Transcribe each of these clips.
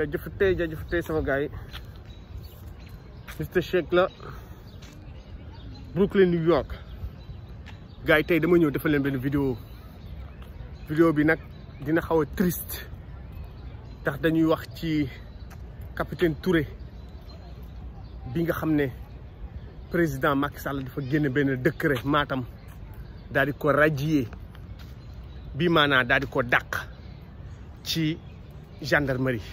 jaajëf tey jaajëf tey sama gars yi Mister Shake la Brooklyn New York gars yi tey dama ñëw defal leen video vidéo vidéo bi nag dina xaw a triste ndax dañuy wax ci capitaine Touré bi nga xam ne président Macky Sall dafa génne benn décret Matam daal di ko radier bi maanaa daal di ko dàq ci gendarmerie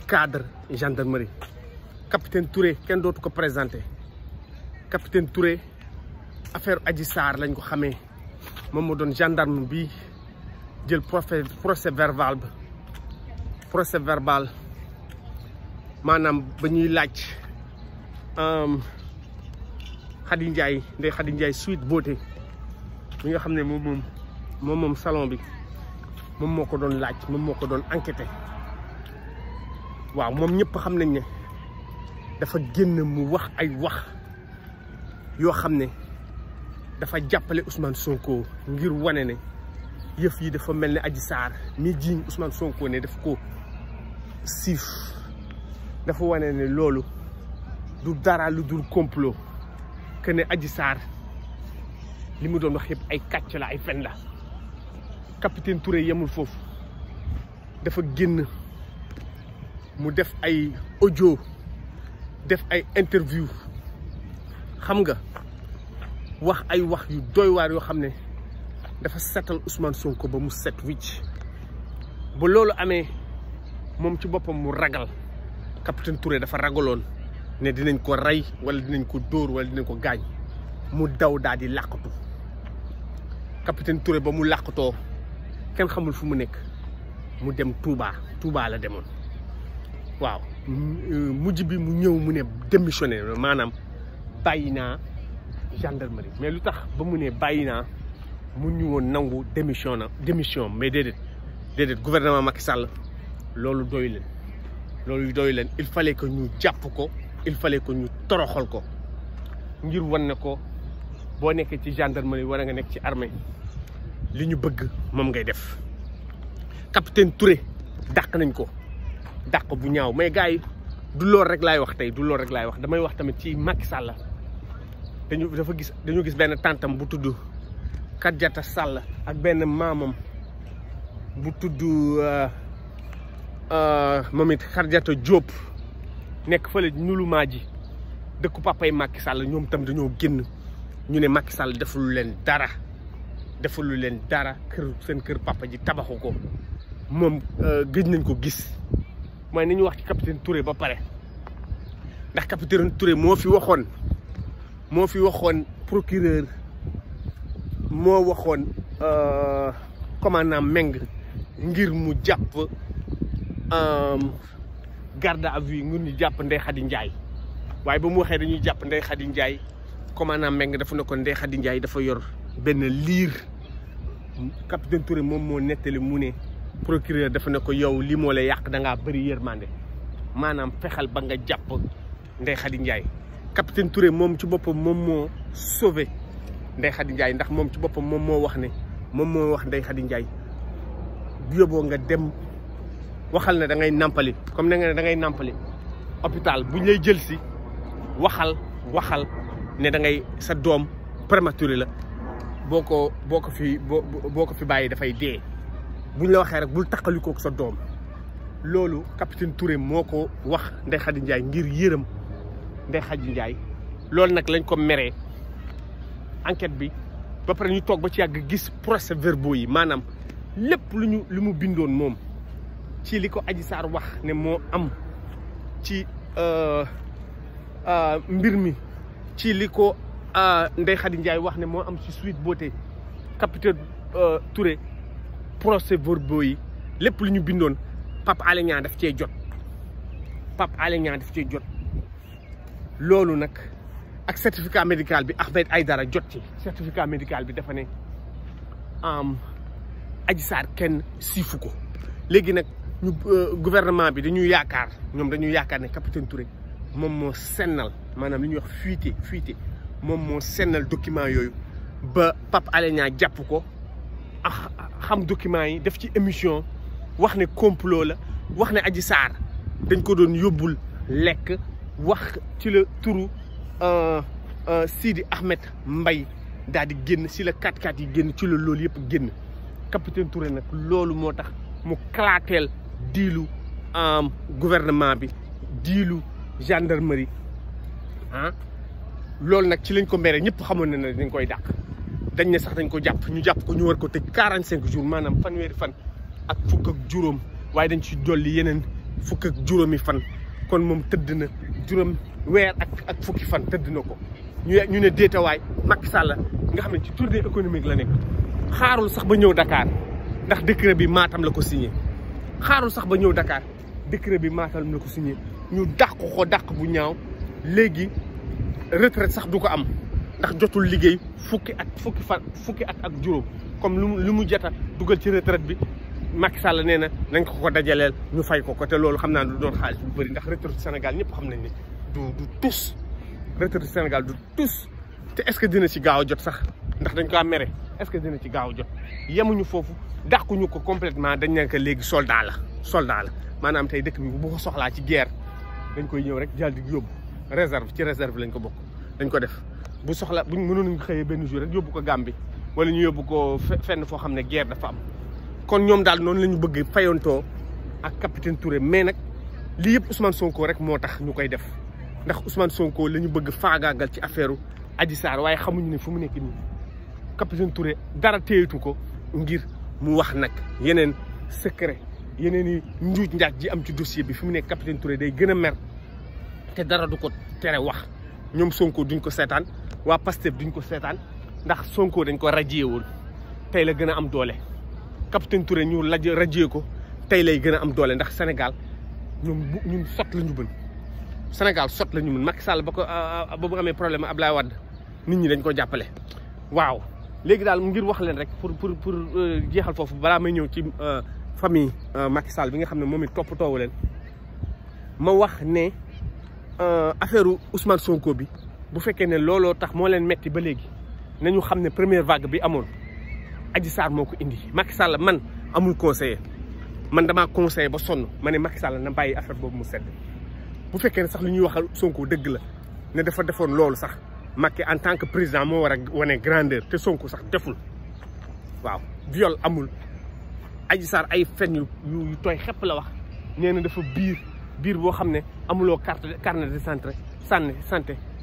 cadre gendarmerie capitaine Touré ken dootu ko présenté capitaine Touré affaire Adji sar lañ ko xamé mom gendarme bi jël procès verbal procès verbal manam ba lacc euh Khady Ndiaye ndey Khady Sweet Beauté mi nga xamné mom mom salon bi mom moko don lacc mom moko waaw moom ñëpp xam nañ ne dafa génn mu wax ay wax yoo xam ne dafa jàppale Ousmane Sonko ngir wane ne yëf yi dafa mel ne Adji saar mi jiiñ Ousmane sonkoo ne daf ko siif dafa wane ne loolu du dara lu dul complot que ne Adji Sarr li mu doon wax yëpp ay kàcc la ay fen la capitaine Touré yemul foofu dafa génn mu def ay audio def ay interview xam nga wax ay wax yu doy waar yoo xam ne dafa setal Ousmane Sonko ba mu set wicc ba loolu amee moom ci boppam mu ragal capitaine Touré dafa ragaloon ne dinañ ko rey wala dinañ ko dóor wala dinañ ko gaañ mu daw daal di làqatu capitaine Touré ba mu làqatoo kenn xamul fu mu nekk mu dem Touba Touba la demoon. waaw euh, mujj bi mu ñëw mu ne démissionné maanaam bàyyi naa gendarmerie mais lu tax ba mu ne bàyyi naa mu ñu woon nangu démission na démission mais déedéet déedéet gouvernement Macky Sall loolu doy leen loolu doy leen il fallait que ñu jàpp ko il fallait que ñu toroxal ko ngir wan ne ko boo nekkee ci gendarmerie war nga nekk ci armée li ñu bëgg moom ngay def capitaine Touré dàq nañ ko. dàq bu ñaaw mais gars yi du loolu rek laay wax tey du loolu rek laay wax damay wax tamit ci Macky Sall dañu dafa gis dañu gis benn tàntam bu tudd Kadiata Sall ak benn maamam bu tudd euh, euh, moom it Kadiata Diop nekk fële ñulumaa ji dëkku papay Macky Sall ñoom tam dañoo génn ñu ne Macky Sall defalu leen dara defalu leen dara kër seen kër papa ji tabaxu ko euh, nañ ko gis mooy ni wax ci capitaine Touré ba pare ndax capitaine toure moo fi waxoon moo fi waxoon procureur moo waxoon euh, commandant Meng ngir mu jàpp euh, garde à vue ngir ñu jàpp Ndeye Khady Ndiaye waaye ba mu waxee dañuy jàpp Ndeye Khady Ndiaye commandant Meng dafa ne ko Ndeye Khady dafa yor benn liir capitaine Touré moom moo nettali mu ne. procureur dafa ne ko yow li moo lay yàq dangaa bari bëri yërmande maanaam fexal ba nga jàpp Ndeye Khady Ndiaye capitaine Touré moom ci boppam moom moo sauvé Ndeye Khady njaay ndax moom ci boppam moom moo wax ne moom moo wax Ndeye Khady Ndiaye bu yóbboo nga dem waxal ne da ngay nàmpali comme ne nga ne da ngay nàmpali hôpital buñ lay jël si waxal waxal ne da ngay sa doom prématuré la boo ko boo ko fi boo ko fi bàyyi dafay dee. bu ñu la waxee rek bul taqalikook sa doom loolu capitaine Touré moo ko wax Ndeye Khady Ndiaye ngir yërëm Ndeye Khady Ndiaye loolu nag lañ ko meree enquête bi ba pare ñu toog ba ci yàgg gis procès verbaux yi maanaam lépp lu ñu lu mu bindoon moom ci li ko aji saar wax ne moo am ci euh, euh, mbir mi ci li ko euh, Ndeye Khady Ndiaye wax ne moo am ci Sweet Beauté capitaine Touré procès verbaux les gens ñu le Pape daf jot Pape daf jot certificat médical bi Ahmed jot ci certificat médical bi dafa um am Ken kenn le ñu euh, gouvernement bi capitaine Touré mom mo sénal manam li wax fuité fuité mom mo sénal document pap xam documents yi def ci émission wax ne complot la wax ne aji Sarr dañ ko doon yóbbul lekk wax ci la turu euh, euh, Sidi Ahmed mbay daal di génn si la 4-4 yi génn ci la loolu yëpp génn capitaine Touré nag loolu moo tax mu kalaateel diilu euh, gouvernement bi diilu gendarmerie ah loolu nag ci lañ ko mere ñëpp xamoon na ne dañ koy dàq. dañ ne sax dañ ko jàpp ñu jàpp ko ñu war ko teg quarante cinq jours maanaam fanweeri fan ak fukk ak juróom waaye dañ ci jolli yeneen fukk ak juróomi fan kon moom tëdd na juróom weer ak ak fukki fan tëdd na ko ñu ñu ne déetawaay Macky Sall nga xam ne ci de économique la ne xaarul sax ba ñëw Dakar ndax décret bi maatam la ko signé xaarul sax ba ñëw Dakar décret bi Matam la ko signé ñu dàq ko dàq bu ñaaw léegi retraite sax du ko am ndax jotul liggéey fukki at fukki fa fukki at ak juróom comme lu mu lu mu jot dugal ci retraite bi Macky Sall nee na nañ ko ko dajaleel ñu fay ko ko te loolu xam naa lu doon xaalis bu bëri ndax retraite Sénégal ñëpp xam nañ ni du du tous Sénégal du tous te est-ce que dina ci gaaw a jot sax ndax dañ ko am mere est-ce que dina ci gaaw jot yemuñu foofu dàquñu ko complètement dañ nekk léegi soldat la soldat la maanaam tey dëkk bi bu ko soxlaa ci guerre dañ koy ñëw rek jàll di yóbbu réserve ci réserve lañ ko bokk dañ ko def bu soxla buñ mënoon nañu xëyee benn jour rek yóbbu ko bi wala ñu yóbbu ko fenn foo xam ne guerre dafa am kon ñoom daal noonu la ñu bëgg fayantoo ak capitaine Touré mais nag lii yëpp Ousmane Sonko rek moo tax ñu koy def ndax Ousmane Sonko la ñu bëgg faagaagal ci affaire Adji Sarr waaye xamuñu ne fu mu nekk nii capitaine Touré dara téyetu ko ngir mu wax nag yeneen secret yeneen i njuuj njaaj ji am ci dossier bi fi mu nekk capitaine Touré day gën a mer te dara du ko tere wax ñoom Sonko duñ ko seetaan. waa Pastef duñ ko seetaan ndax Sonko dañ ko rajee woon tey la gën a am doole capitaine Touré ñu laj rajee ko tey lay gën a am doole ndax Sénégal ñun ñun sot la ñu Sénégal sot la ñu mën Macky Sall ba ko ba mu amee problème ab Ablaye Wade nit ñi dañ ko jàppale waaw léegi daal ngir wax leen rek pour pour pour euh, jeexal foofu balaa may ñëw ci euh, famille euh, Macky Sall bi nga xam ne moom it toppatoowu leen ma wax ne affaire Ousmane Sonko bi bu fekkee ne looloo tax moo leen metti ba léegi nañu xam ne première vague bi amoon Adji Sarr moo ko indi Macky Sall man amul conseiller man damaa conseiller ba sonn ma ne Macky Sall na bàyyi affaire boobu mu sedd bu fekkee ne sax lu ñuy waxal Sonko dëgg la ne dafa defoon loolu sax Macky en tant que président moo war wane grandeur te Sonko sax deful waaw viol amul Adji Sarr ay fen yu yu tooy xepp la wax nee na dafa biir biir boo xam ne amuloo carte carnet de santé santé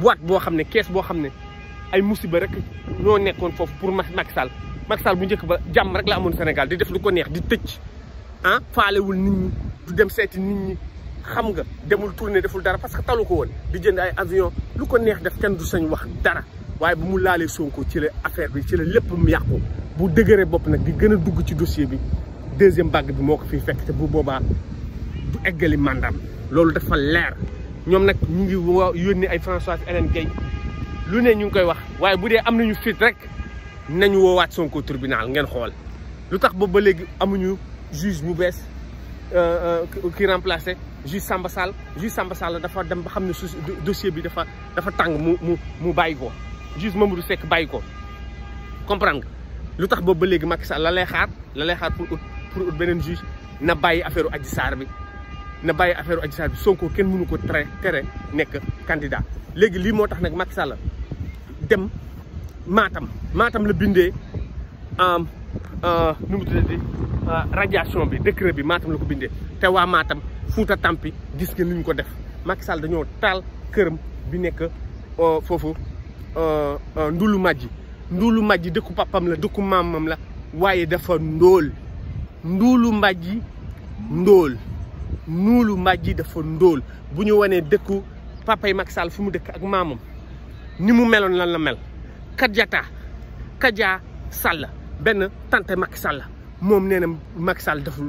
boîte boo xam ne kees boo xam ne ay musiba rek ñoo nekkoon foofu pour Macky Sall Macky Sall bu njëkk ba jàmm rek la amoon Sénégal di def lu ko neex di tëj ah faalewul nit ñi du dem seeti nit ñi xam nga demul tourné deful dara parce que talu ko woon di jënd ay avion lu ko neex def kenn du sañ wax dara waaye bu mu laalee Sonko ci la affaire bi ci la lépp mu yàqu bu dëgëree bopp nag di gën a dugg ci dossier bi deuxième vague bi moo ko fi fekk te bu boobaa du eggali loolu dafa leer ñom nak ñu ngi yoni François gay lu ne ñu koy wax waye fit rek nañu tribunal ngeen xol lutax nous ba juge qui euh, euh remplacé juge juge Samba dafa dossier bi dafa dafa mu mu juge Mamadou comprendre ba la lay xaar la lay xaar pour juge na bàyyi affaire Adji Sarr bi Sonko kenn mënu ko tere tere nekk candidat léegi lii moo tax nag Macky Sall dem maatam maatam la bindee euh, nu mu tuddati euh, radiation bi décret bi Matam la ko bindee te waa maatam Fuuta Tampi gis ngeen li ñu ko def Macky dañoo taal këram bi nekk euh, foofu Ndulu Majji Ndulu Majji dëkku papam la dëkku maamam la waaye dafa ndóol Ndulu Majji ndóol nuulu màjji dafa ndóol bu ñu wanee dëkku papay Macky Sall fu mu dëkk ak maamam ni mu meloon lan la mel kajata kaja Sall benn tante Macky Sall moom nee na Macky Sall dafa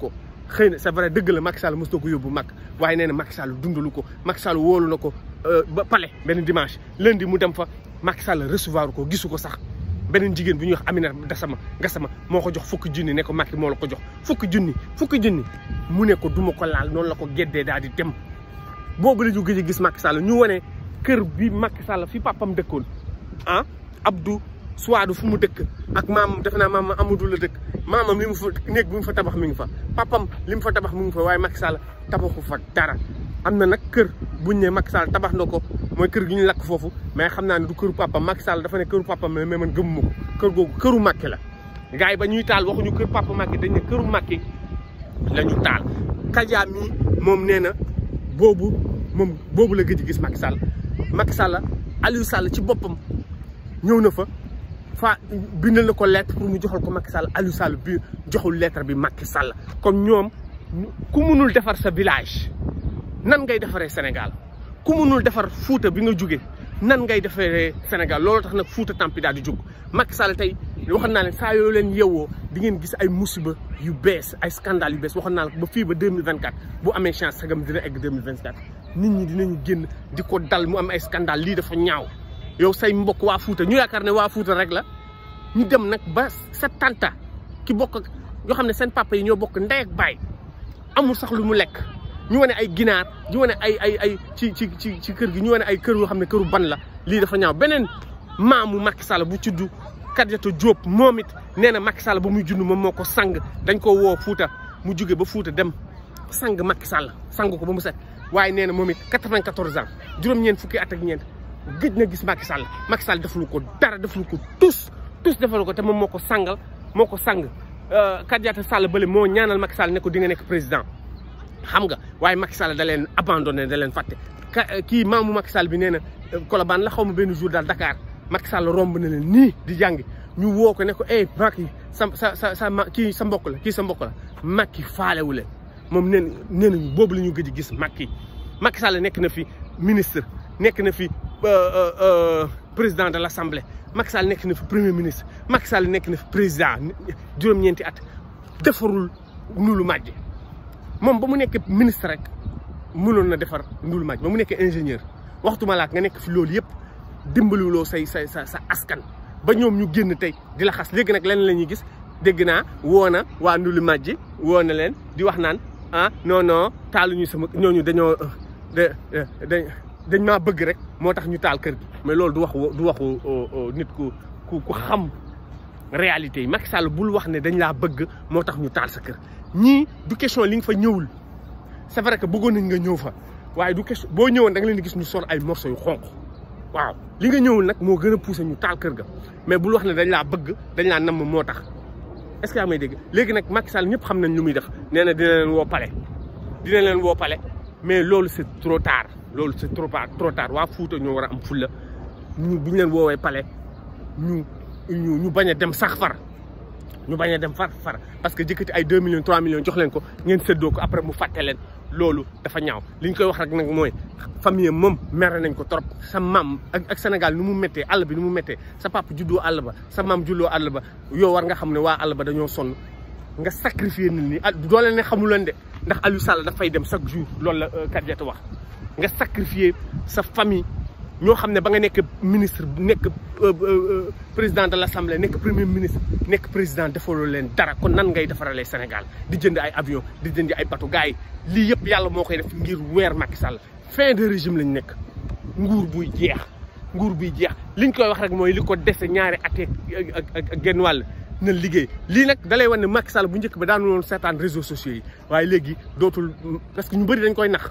ko xëy na sa vrai dëgg la Macky Sall mos na ko yóbbu mag waaye nee na Macky Sall dundalu ko Macky Sall wóolu na ko euh, ba pale benn dimanche lundi mu dem fa Macky Sall recevoir ko gisu ko sax beneen jigéen bu ñuy wax Amina Gassama Gassama moo ko jox fukki junni ne ko Macky moo la ko jox fukki junni fukki junni mu ne ko duma ko laal noonu la ko geddee daal di dem boobu la ñu gëj a gis Macky Sall ñu wane kër bi Macky Sall fi papam dëkkoon ah Abdou Souadou fu mu dëkk ak maam def naa maam Amadou la dëkk maamam li mu fa néeg bi mu fa tabax mi ngi fa papam li mu fa tabax mu ngi fa waaye Macky Sall tabaxu fa dara am na nag kër bu buñ ne Macky Sall tabax na ko mooy kër gi ñu lakk foofu mais xam naa ne du këru papa Macky Sall dafa ne këru papa mais man gëmuma ko kër googu këru Macky la gars yi ba ñuy taal waxuñu kër papa Macky dañ ne këru Macky la ñu Kaja mi moom nee na boobu moom boobu la gëj gis Macky Sall Macky Sall Sall ci boppam ñëw na fa fa bindal na ko lettre pour mu joxal ko Macky Sall Aliou Sall bi joxul lettre bi Macky sàll comme ñoom ku mënul defar sa village nan ngay defaree Sénégal ku mënul defar Fuuta bi nga jóge nan ngay defaree Sénégal loolu tax nag Fuuta tampi daal di jóg Macky Sall tey waxoon naa leen saa yoo leen yeewoo di ngeen gis ay musiba yu bees ay scandale yu bees waxoon naa la ba fii ba 2024 bu amee chance sagam dina egg 2024 nit ñi dinañu génn di ko dal mu am ay scandale lii dafa ñaaw yow say mbokk waa Fuuta ñu yaakaar ne waa Fuuta rek la ñu dem nag ba sa tanta ki bokk yoo xam ne seen papa yi ñoo bokk ndey ak baay amul sax lu mu lekk ñu wane ay ginaar ñu wane ay ay ay ci ci ci kër gi ñu wane ay kër yoo xam ne këru ban la lii dafa ñaaw beneen maamu Macky Sall bu tudd Kadiatou Diop moom it nee na Macky Sall ba muy jund moom moo ko sang dañ ko woo Fuuta mu jóge ba Fuuta dem sang Macky Sall sang ko ba mu set waaye nee na moom it 94 ans juróom-ñeent fukki at ak ñeent gëj na gis Macky Sall Macky Sall defalu ko dara defalu ko tus tus defalu ko te moom moo ko sangal moo ko sang euh, Kadiatou Sall bële moo ñaanal Macky Sall ne ko di nga nekk président xam nga waaye Macky Sall da leen abandonné da leen fàtte kii maamu Macky Sall bi nee na euh, Colobane la xaw ma benn jour daal dakaar Macky Sall romb na leen nii di jàng ñu woo ko ne ko eh Macky sa sa sa sa kii sa mbokk kii sa mbokk la Macky faalewu moom nee nee nañu boobu la ñu gëj gis Macky Macky Sall nekk na fi ministre nekk na fi euh, euh, président de l' assemblée Macky Sall nekk na fi premier ministre Macky Sall nekk na fi président juróom-ñeenti at defarul nulu màjj moom ba mu nekk ministre rek mënoon na defar ndul maaj ba mu nekkee ingénieur waxtu ma laak nga nekk fi loolu yëpp dimbaluloo say say sa sa askan ba ñoom ñu génn tey di laxas léegi nag lenn la ñuy gis dégg naa woo na waa ndulu maaj ji woo na leen di wax naan ah non non taaluñu sama ñooñu dañoo euh, euh, da dañ maa bëgg rek moo tax ñu taal kër gi mais loolu du wax du waxu euh, nit ku ku ku xam réalité yi Macky Sall bul wax ne dañ laa bëgg moo tax ñu taal sa kër ñii du question li nga fa ñëwul c'est vrai que bëggoon nañ nga ñëw fa waaye du question boo ñëwoon da leen gis ñu sol ay morceaux yu xonq waaw li ñëwul nag moo gën a poussé ñu taal kër ga mais bul wax ne dañ laa bëgg dañ laa namm moo tax est-ce que yaa may dégg léegi nag Macky Sall ñëpp xam nañ lu muy def nee na dina leen woo pale dina leen woo pale mais loolu c'est trop tard loolu c'est trop trop waa Fuuta ñoo war a am fulla ñu bu ñu leen woowee pale ñu ñu ñu bañ a dem sax far ñu bañee dem far far parce que jëkkati ay 2 millions 3 millions jox leen ko ngeen séddoo ko après mu fàtte leen loolu dafa ñaaw li ñu koy wax rek nag mooy famille moom mere nañ ko trop sa maam ak ak Sénégal nu mu méttee àll bi nu mu méttee sa papa juddoo àll ba sa maam julloo àll ba yow war nga xam ne waa àll ba dañoo sonn nga sacrifier nit ñi ah doo ne xamu leen de ndax Aliou Sall dafay dem chaque jour loolu la euh, Kadiata wax nga sacrifier sa famille. ñoo xam ne ba nga nekk ministre nekk euh, euh, président de l' assemblée nekk premier ministre nekk président defaloo leen dara kon nan ngay defaralee Sénégal di jënd ay avion di jënd ay bateau gars lii yëpp yàlla moo koy def ngir weer Macky Sall fin de régime lañ nekk nguur buy jeex nguur buy jeex li ñu koy wax rek mooy li ko dese ñaari at ak genn wàll na liggéey lii nag dalay wan ne Macky Sall bu njëkk ba daanu woon seetaan réseaux sociaux yi waaye léegi dootul parce que ñu bëri dañ koy nax